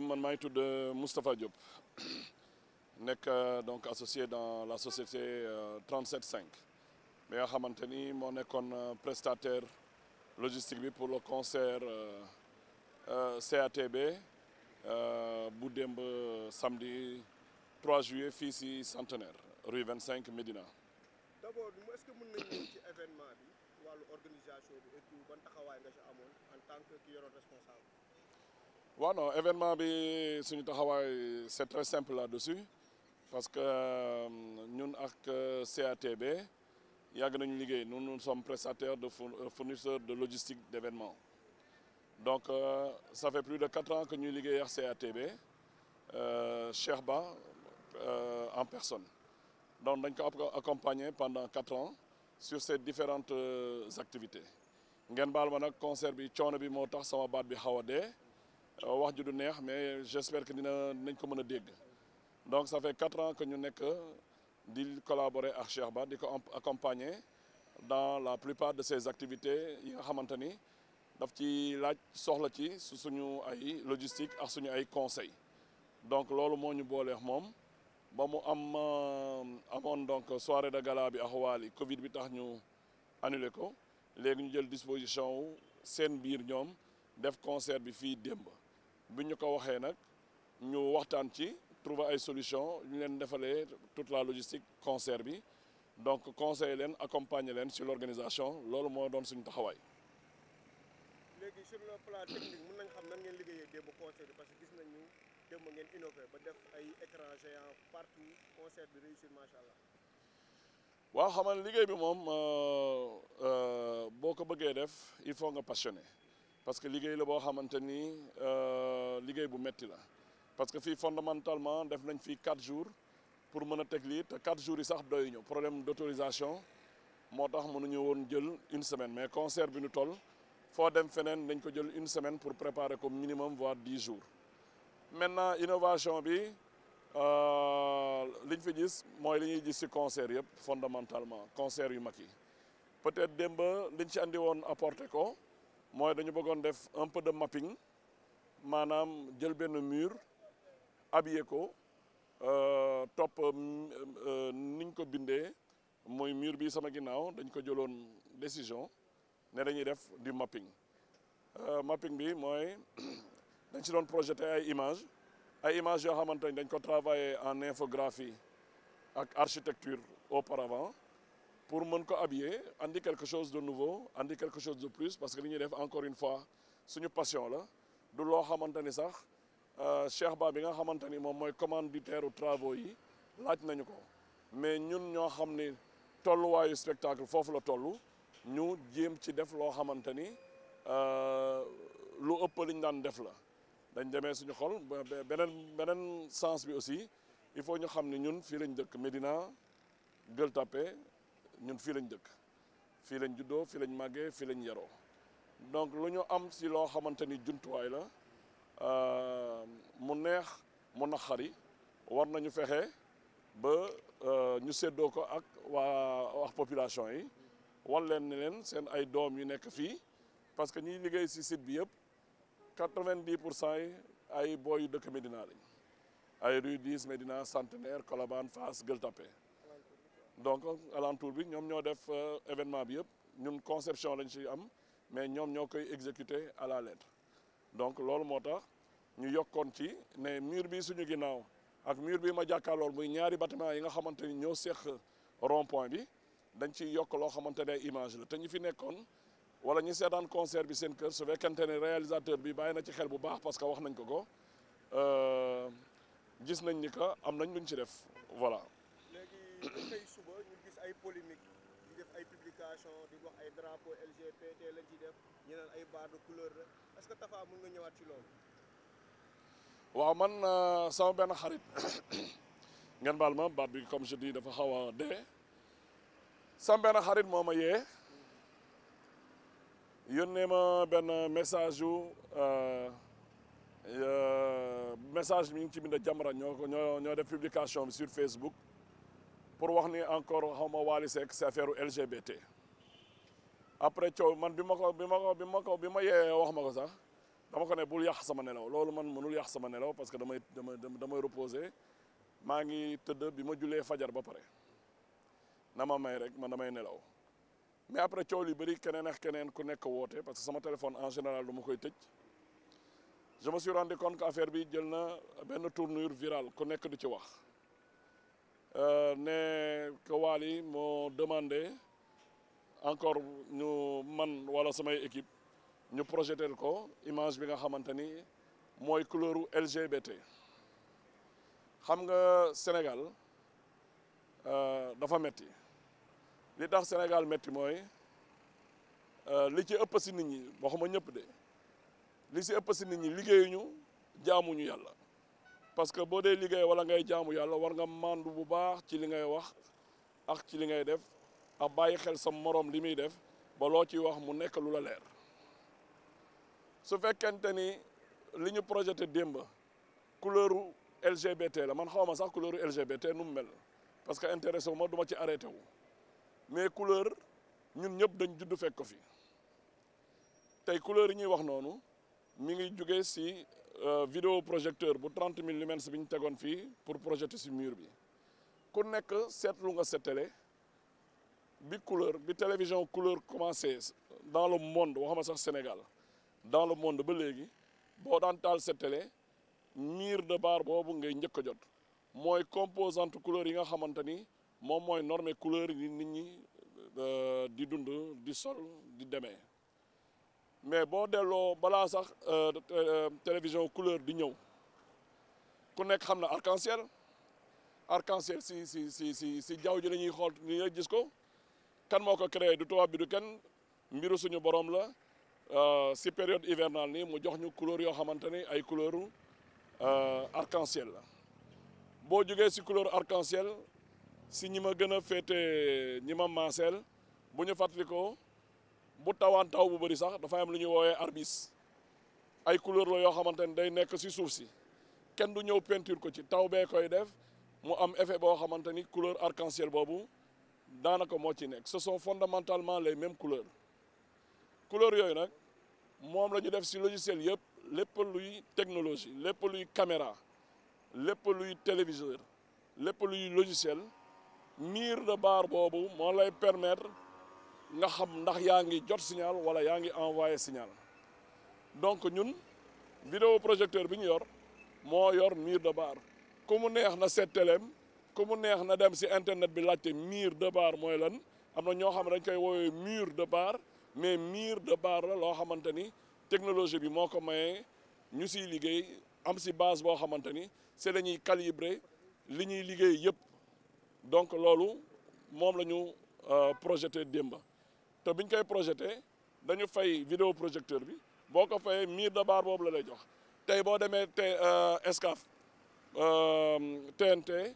asalaamaaleykum man maa ngi tudd euh, Moustapha Diop nekk euh, donc associé dans la société 375 euh, bi nga xamante ni moo nekkoon prestateur logistique bi pour le concert CATB bu démb samedi 3 juillet fii si Centenaire rue 25 Médina. d'abord est-ce que mën nañu ñëw ci événement bi wàllu organisation bi et ban taxawaay nga ci amoon en tant que ki yoroon responsable. waa non événement bi suñu taxawaay c'est très simple là-dessus parce que euh, ñun ak euh, CATB yàgg nañu liggéey nous nous sommes prestataires de euh, fournisseurs de logistique dévénement donc ça fait plus de quatre ans que ñuy liggéey ak CATB Cheikh Ba en personne donc dañ ko accompagner pendant quatre ans sur ces différentes activités ngeen baal ma nag concert bi coono bi moo tax sama baat bi xaw a dee Euh, wax ju du neex mais j'espère que dina nañ ko mën a dégg donc ça fait quatre ans que ñu nekk di collaborer ak Cheikh Ba di ko accompagner dans la plupart de ses activités yi nga xamante ni daf ci laaj soxla ci su suñu ay logistique ak suñu ay conseil donc loolu moo ñu booleex moom ba mu am euh, amoon donc soirée de gala bi ak Wally Covid bi tax ñu annulé ko léegi ñu jël disposition wu seen biir ñoom def concert bi fii démb bi ñu ko waxee nag ñu waxtaan ci trouver ay solution ñu leen defalee tout la logistique concert bi donc conseiller leen accompagner leen sur l'organisation loolu moo doon suñu taxawaay. léegi sur le plan technique mën ngeen liggéeyee démb concert bi parce que gis nañu démb ngeen innové ba def ay écran géant partout concert bi réussir macha allah. waaw xam liggéey bi moom euh, euh, boo ko bëggee def il faut nga passionné. parce que liggéey la boo xamante ni euh, liggéey bu metti la parce que fii fondamentalement def nañ fi quatre jours pour mën a teg lii te quatre jours yi sax doyuñu problème d'autorisation moo tax mënuñu woon jël une semaine mais concert bi nu toll foo dem feneen dañ ko jël une semaine pour préparer comme minimum voire dix jours maintenant innovation bi euh, liñ fi gis mooy li ñuy gis ci concert yëpp fondamentalement concert yu mag yi peut-être démb liñ ci andi woon apporter ko. mooy dañu bëggoon def un peu de mapping maanaam jël benn mur habillé ko euh, topp euh, niñ ko bindee mooy mur bi sama ginnaaw dañ ko jëloon décision ne dañuy def du mapping euh, mapping bi mooy dañ ci doon projeté ay image ay images yoo xamante ni dañ ko travaillé en infographie ak architecture auparavant pour mën ko habiller andi quelque chose de nouveau andi quelque chose de plus parce que li ñuy def encore une fois suñu passion la du loo xamante ni sax euh, Cheikh Ba bi nga xamante ni moom mooy commanditaire u travaux yi laaj nañu ko mais ñun ñoo xam ni tolluwaayu spectacle foofu la toll ñu jéem ci def loo xamante ni euh, lu ëpp liñ daan def la dañ demee suñu xol beneen beneen sens bi aussi il faut ñu xam ni ñun fii lañ dëkk Médina Gueule Tapée ñun fii lañ dëkk fii lañ juddoo fi lañ màggee fii lañ yaroo donc lu ñu am si loo xamante ni jumtuwaay la euh, mu neex mu naqari war nañu fexe ba euh, ñu séddoo ko ak waa wax population yi wan leen leen seen ay doom yu nekk fii parce que ñiy liggéey si site bi yëpp quatre-vingt-dix pour cent yi ay booyu dëkk Médina lañ ay rue 10 Médina Centenaire Colobane Fass Gueule Tapée donc alentour bi ñoom ñoo def euh, événement bi yëpp ñun conception lañ ci am mais ñoom ñoo koy exécuter à la lettre donc loolu moo tax ñu yokkoon ci ne mur bi suñu ginnaaw ak mur bi ma jàkkaarlool muy ñaari bâtiment yi nga xamante ni ñoo seq rond point bi dañ ciy yokk loo xamante ne image la te ñu fi nekkoon wala ñu seetaan concert bi seen kër su fekkente ne réalisateur bi bàyyi na ci xel bu baax parce que wax nañ ko ko euh, gis nañ ni que am nañ luñ ci def voilà. tey suba gis ay polémique ay publication di wax ay ay barres de couleur que Tapha mën ñëwaat ci loolu. waaw man euh, sama benn xarit ngeen baal ma bi comme je dafa xaw a dee sama benn xarit ma yee yónnee ma benn message yu euh, euh, message mi ngi ci bind Jamra ñoo ko ñoo ñoo def publication bi sur Facebook. pour wax ni encore xaw ma Wally Seck si affaire LGBT après coow man bi ma ko bi ma ko bi ma wax ma ko sax dama ko ne bul yàq sama nelaw loolu man mënul yàq sama nelaw parce que damay damay damay reposer maa ngi tëdd bi ma julee fajar ba pare na ma may rek man damay nelaw mais après coow li bëri keneen ak keneen ku nekk woote parce que sama téléphone en général du koy tëj je me suis rendu compte que affaire bi jël na benn tournure virale ku nekk du ci wax Euh, ne que Wally moo demandé encore ñu man wala samay équipe ñu projeté ko image bi nga xamante ni mooy couleuru LGBT xam nga Sénégal euh, dafa metti li tax Sénégal metti mooy euh, li ci ëpp si nit ñi waxuma ñëpp de li si ëpp si nit ñi liggéeyuñu jaamuñu yàlla parce que boo dee liggéey wala ngay jaamu yàlla war nga màndu bu baax ci li ngay wax ak ci li ngay def a bàyyi xel sa moroom li muy def ba loo ciy wax mu nekk lu la leer su fekkente ni li ñu projeté démb couleuru LGBT la man xawma sax couleuru LGBT nu mu mel parce que intéressé wu ma du ci arrêté wu mais couleur ñun ñëpp dañ judd fekk ko fi tey couleur yi ñuy wax noonu mi ngi jóge si Euh, video projecteur bu 30 000 lumens bi ñu tegoon fii pour projeter si mur bi ku nekk seetlu nga sa bi couleur bi télévision couleur commencé dans le monde waxuma sax Sénégal dans le monde ba léegi boo daan taal sa télé de bar boobu ngay njëkk a jot mooy composante couleur yi nga xamante ni moom mooy norme couleur yi nit ñi euh, di dund di sol di demee mais boo delloo balaa sax euh, euh, euh, télévision couleur di ñëw ku nekk xam na arc-en-ciel arc si si si si jaw jaww ji la ñuy xool ni la gis ko kan moo ko créé du tubaab bi du kenn mbiru suñu borom la si période hivernale nii mu jox ñu couleur yoo xamante ni ay couleuru arc en la boo jógee si couleur arc si ñi ma gën a féete ñi ma maaseel bu ñu ko bu tawaan taw bu bëri sax dafa am lu ñuy woowee arbis ay couleur la yoo xamante ne day nekk si suuf si kenn du ñëw peinture ko ci taw bee koy def mu am effet boo xamante ni couleur arc boobu daanaka moo ci nekk ce sont fondamentalement lay même couleurs couleur yooyu nag moom la def si logiciel yëpp lépp luy technologie lépp luy caméra lépp luy téléviseur lépp luy logiciel mire de barre boobu moo lay permettre nga xam ndax yaa ngi jot signal wala yaa ngi envoyé signal donc ñun vidéo projecteur bi ñu yor moo yor mur de barre ku mu neex na seet teleem ku mu neex na dem si internet bi laajte mur de bar mooy lan am na ñoo xam ne dañ koy woowee mur de barre mais mur de barre la loo xamante ni technologie bi moo ko mayee ñu siy liggéey am si base boo xamante ni c'est la ñuy calibrer li ñuy liggéey yëpp donc loolu moom la ñu euh, projeté démba te biñ koy projeté dañu fay vidéo projecteur bi boo ko fayee mur de barre boobu la lay jox tey boo demee te Excaf euh, TNT euh,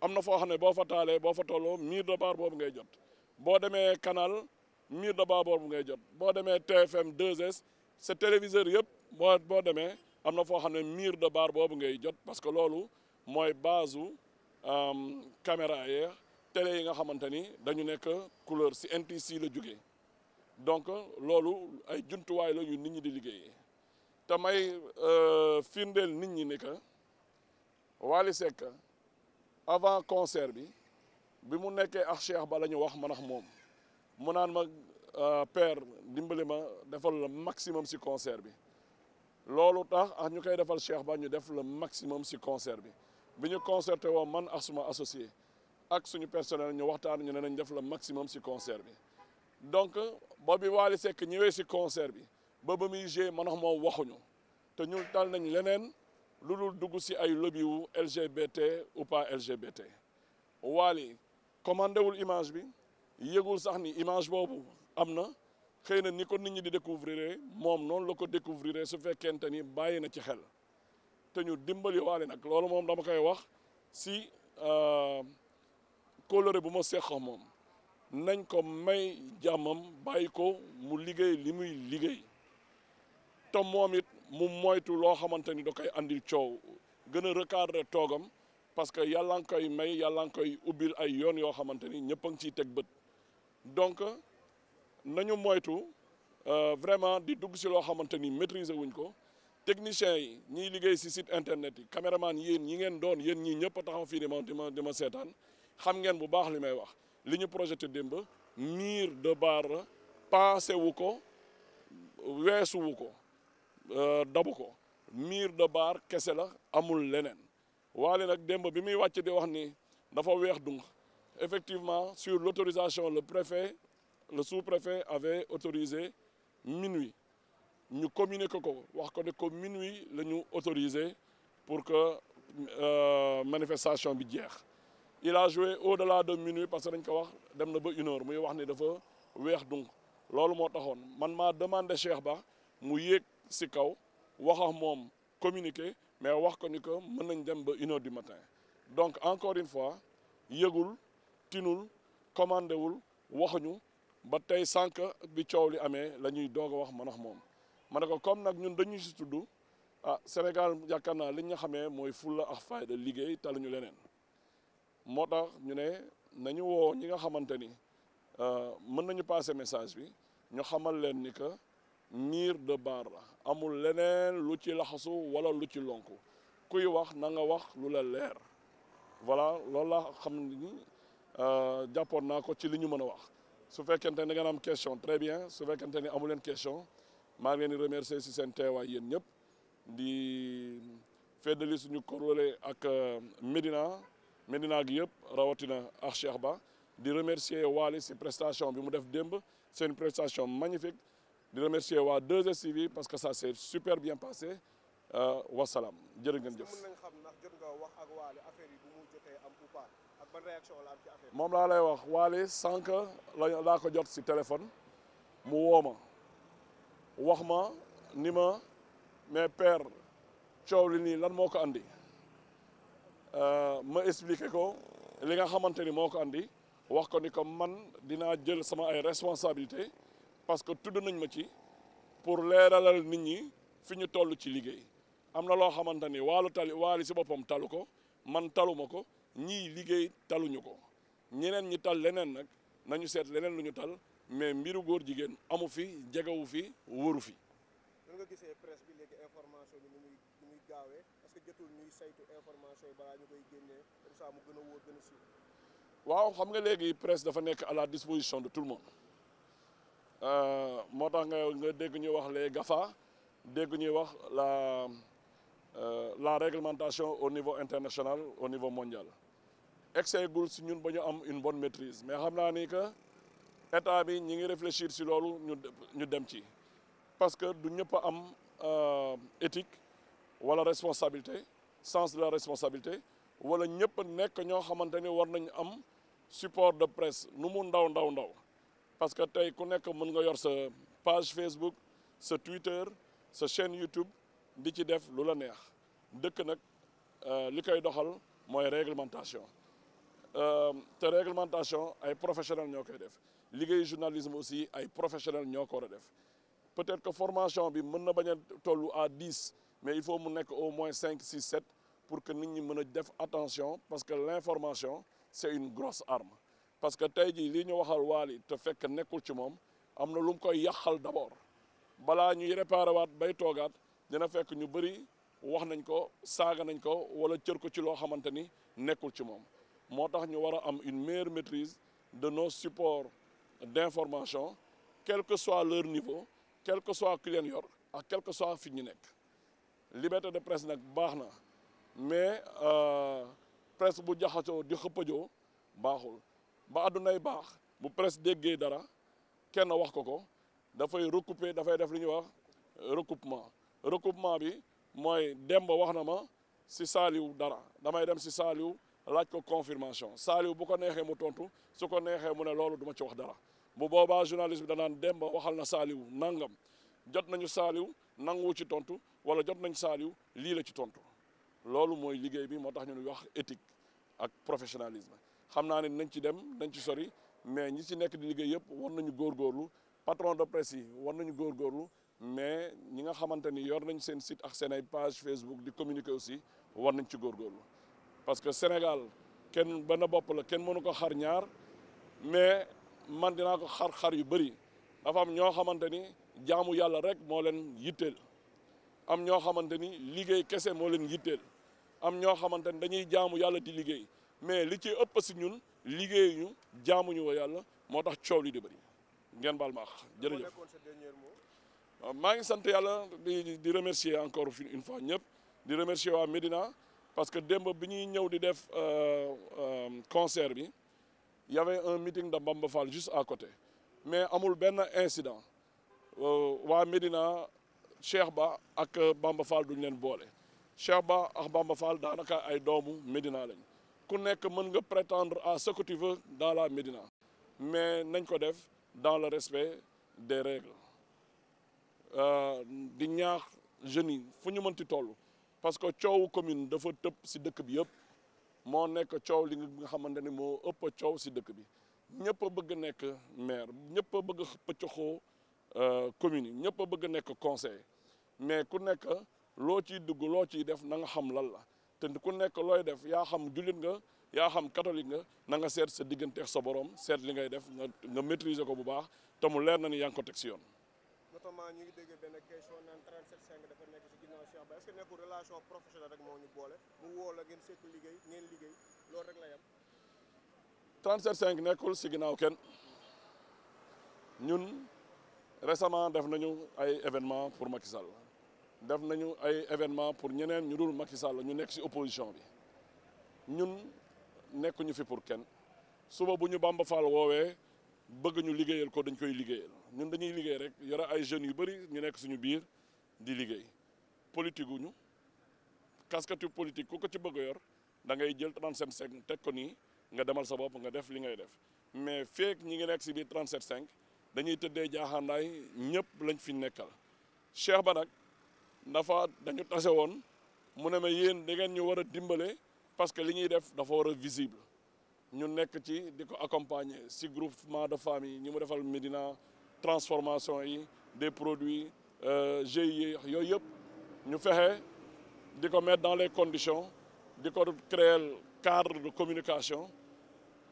am na foo xam ne boo fa taalee boo fa tolloo mur de barre boobu ngay jot boo demee canal mur de barre boobu ngay jot boo demee TFM 2S sa téléviseur yëpp boo boo demee am na foo xam ne mur de barre boobu ngay jot parce que loolu mooy base u euh, caméra yeex télé yi nga xamante ni dañu nekk couleur ci NTC la jógee donc loolu ay jumtuwaay la yu nit ñi di liggéeyee te may euh, firndeel nit ñi ne que Wally avant concert bi bi mu nekkee ak Cheikh ba la ñu wax man ak moom mu naan ma euh, père dimbali ma defal le maximum si concert bi loolu tax ak ñu koy defal Cheikh ba ñu def le maximum si concert bi bi ñu concerté woo man ak suma associé ak suñu personnel ñu waxtaan ñu ne nañ def le maximum si concert bi donc ba bi Wally Seck ñëwee si concert bi ba ba muy g man moom waxuñu te ñun tal nañ leneen lu dul dugg si ay lobby wu LGBT ou pas LGBT Wally commandé wul image bi yëgul sax ni image boobu am na xëy na ni ko nit ñi di découvrir moom noonu la ko découvrir su fekkente ni bàyyi na ci xel te ñu dimbali Wally nag loolu moom dama koy wax si kóllëre bu ma seqoo moom nañ ko may jàmmam bàyyi ko mu liggéey li muy liggéey te moom it mu moytu loo xamante ni da koy andil coow gën a recadrer toogam parce que yàlla nga koy may yàlla nga koy ubbil ay yoon yoo xamante ni ñëpp a ngi ciy teg bët donc nañu moytu euh, vraiment di dugg si loo xamante ni maîtriser wuñ ko techniciens yi ñiy liggéey si site internet yi caméraman yéen ñi ngeen doon yéen ñii ñëpp a taxaw fii di di ma di ma seetaan xam ngeen bu baax li may wax li ñu projeté démb mur de barre pensé wu ko weesu wu ko euh, dabu ko mur de baar kese la amul leneen waale nag démb bi muy wàcc di wax ni dafa weex dung effectivement sur l'autorisation le préfet le sous-préfet avait autorisé minuit ñu communiqué ko wax ko ne ko minuit lañu ñu autorisé pour que euh, manifestation bi jeex il a joué au-delà de minuit parce que dañ ko wax dem na ba une heure muy wax ni dafa weex donc loolu moo taxoon man maa demandé Cheikh Ba mu yéeg si kaw wax moom communiqué mais wax ko ni que mën nañ dem ba une heure du matin donc encore une fois yëgul tinul commandé wul waxuñu ba tey sànq bi coow li amee la ñuy doog a wax man ak moom ma ne ko comme nag ñun dañuy si tudd ah Sénégal yaakaar naa li ñu xamee mooy fulla ak fayda liggéey taluñu leneen. moo tax ñu ne nañu woo ñi nga xamante ni euh, mën nañu passer message bi ñu xamal leen ni que mur de Bar la amul leneen lu ci laxasu wala lu ci lonku kuy wax na nga wax lu la leer voilà lool la xam ni euh, jàppoon naa ko ci li ñu mën a wax su fekkente ni da am question très bien su fekkente ni amu leen question maa ngi leen di remercier si seen teewaay yéen ñëpp di feddali suñu korole ak euh, Médina Médina gi yëpp rawatina ak Cheikh Ba di remercier Waly si prestation bi mu def démb seen une prestation magnifique di remercier waa 2STV parce que ça s'est super bien passé euh, wasalaam jërë ngeen jëf. mën xam ndax nga wax ak Waly affaire yi moom laa lay wax Waly sànq la laa ko jot si téléphone mu woo ma wax ma ni ma mais père coow li nii lan moo ko andi. Euh, ma expliqué ko li nga xamante ni moo ko andi wax ko ni ko man dinaa jël sama ay responsabilité parce que tudd nañ ma ci pour leeralal nit ñi fi ñu toll ci liggéey am na loo xamante ni waalu tali waali si boppam talu ko man taluma ko ñii liggéey taluñu ko ñeneen ñi tal leneen nag nañu seet leneen lu ñu tal mais mbiru góor jigéen amu fi jegewu fi wóoru fi. nga gisee presse léegi information bi ni que jotul information yi balaa ñu koy génnee comme waaw xam nga léegi presse dafa nekk à la disposition de tout le monde euh, moo tax nga nga dégg ñuy wax les GAFA dégg ñuy wax la euh, la réglementation au niveau international au niveau mondial. excès gul si ñun ba ñu am une bonne maîtrise mais xam naa ni que état bi ñi ngi réfléchir si loolu ñu dem ci parce que du ñëpp am euh, éthique. wala responsabilité sens de la responsabilité wala ñëpp nekk ñoo xamante ni war nañu am support de presse nu mu ndaw ndaw ndaw parce que tey ku nekk mën nga yor sa page Facebook sa Twitter sa chaîne YouTube di ci def lu la neex dëkk nag euh, li koy doxal mooy réglementation euh, te réglementation ay professionnels ñoo koy def liggéey journalisme aussi ay professionnels ñoo ko war a def peut-être que formation bi mën na bañ a toll à dix mais il faut mu nekk au moins cinq six sept pour que nit ñi mën a def attention parce que l'information c'est une grosse arme parce que tey jii lii ñu waxal Wally te fekk nekkul ci moom am na lu mu koy yàqal d'abord balaa ñuy réparé waat bay toogaat dina fekk ñu bëri wax nañ ko saaga nañ ko wala cër ko ci loo xamante ni nekkul ci moom moo tax ñu war a am une meilleure maîtrise de nos support d'information quel que soit leur niveau quel que soit client yor ak quel que fi ñu nekk liberté de presse nag baax na mais euh, presse bu jaxasoo di xëppajoo baaxul ba àddunay baax bu presse déggee dara kenn wax ko ko dafay recouper dafay def lu ñuy wax recoupement recoupement bi mooy Demba wax na ma si Saliou dara damay dem si Saliou laaj ko confirmation Saliou bu ko neexee mu tontu su ko neexee mu ne loolu duma ci wax dara bu boobaa journaliste bi danaan Demba waxal na Saliou nangam jot nañu Saliou nanguwu ci tontu wala jot nañ Saliou lii la ci tontu loolu mooy liggéey bi moo tax ñu nu wax éthique ak professionnalisme xam naa ne nañ ci dem nañ ci sori mais ñi ci nekk di liggéey yëpp war nañu góor góorlu patron de presse yi war nañu góorgóorlu mais ñi nga xamante ni yor nañ seen sit ak seen ay page Facebook di communiquer aussi war nañ ci góor góorlu parce que Sénégal kenn benn bopp la kenn mënu ko xar ñaar mais man dinaa ko xar-xar yu bëri dafa ñoo xamante ni. jaamu yàlla rek moo leen yitteel am ñoo xamante ni liggéey kese moo leen yitteel am ñoo xamante ni dañuy jaamu yàlla di liggéey mais li ci ëpp si ñun liggéey ñu ñu wa yàlla moo tax coow li di bëri ngeen baal ma àq jërëjëf ah, maa ngi sant yàlla di di remercier encore une fois ñëpp di remercier waa Médina parce que démb bi ñuy ñëw di def euh, euh, concert bi y avait un meeting de Bamba Fall juste à côté mais amul benn incident Euh, waa Médina Cheikh Ba ak euh, Bamba Fall duñ leen boole Cheikh Ba ak Bamba daanaka ay doomu Médina lañ ku nekk mën nga prétendre à ce dans la Médina mais nañ ko def dans le respect des règles euh, di ñaax jeunes yi fu ñu mënti toll parce que coow commune dafa tëb si dëkk bi yëpp moo nekk coow li nga xamante ni moo ëpp coow si dëkk bi ñëpp a bëgg nekk maire ñëpp a bëgg pëccoxoo Euh, communes yi ñëpp a bëgg a nekk conseil mais ku nekk loo ciy dugg loo ciy def na nga xam lan la te ku nekk looy def yaa xam jullit nga yaa xam catholique nga na nga seet sa diggante sa borom seet li ngay def nga nga maîtriser ko bu baax te mu leer na ni yaa ngi ko teg si yoon. notamment ñu ngi dégg benn question naan 37 dafa nekk si ginnaaw Cheikh Ba moo ñu boole mu woo la liggéey ngeen liggéey loolu rek la yem. 37 nekkul si ginnaaw kenn ñun. récemment def nañu ay événement pour Macky la def nañu ay événement pour ñeneen ñu dul Macky la ñu nekk si opposition bi ñun nekkuñu fi pour kenn suba bu ñu Bamba Fall woowee bëgg ñu liggéeyal ko dañ koy liggéeyal ñun dañuy liggéey rek yore ay jeunes yu bëri ñu nekk suñu biir di liggéey politique gu ñu kaskatu politique ku ko ci bëgg yor dangay da ngay jël 37.5 teg ko nii nga demal sa bopp nga def li ngay def mais feek ñi ngi nekk si biir 37.5. dañuy tëddee jaaxaandaay ñëpp lañ fi nekkal Cheikh ba nag dafa dañu tase woon mu ne ma yéen da ñu war a dimbale parce que li ñuy def dafa war a visible ñu nekk ci di ko accompagner si groupement de famille ñu mu defal Médina transformation yi des produits euh, GIE yooyu yëpp ñu fexe di ko mettre dans les conditions di ko créer cadre de communication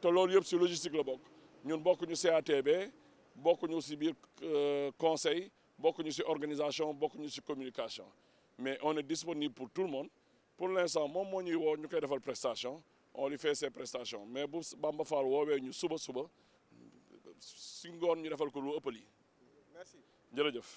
te loolu yëpp si logistique la bokk ñun bokk ñu CATB bokkuñu si biir euh, conseil bokkuñu si organisation bokkuñu si communication mais on est disponible pour tout le monde pour l'instant moom moo ñuy woo ñu koy defal prestation on lui fait ses prestations mais bu Bamba Fall woowee ñu suba suba si ngoon ñu defal ko lu ëppal yi. merci jërëjëf.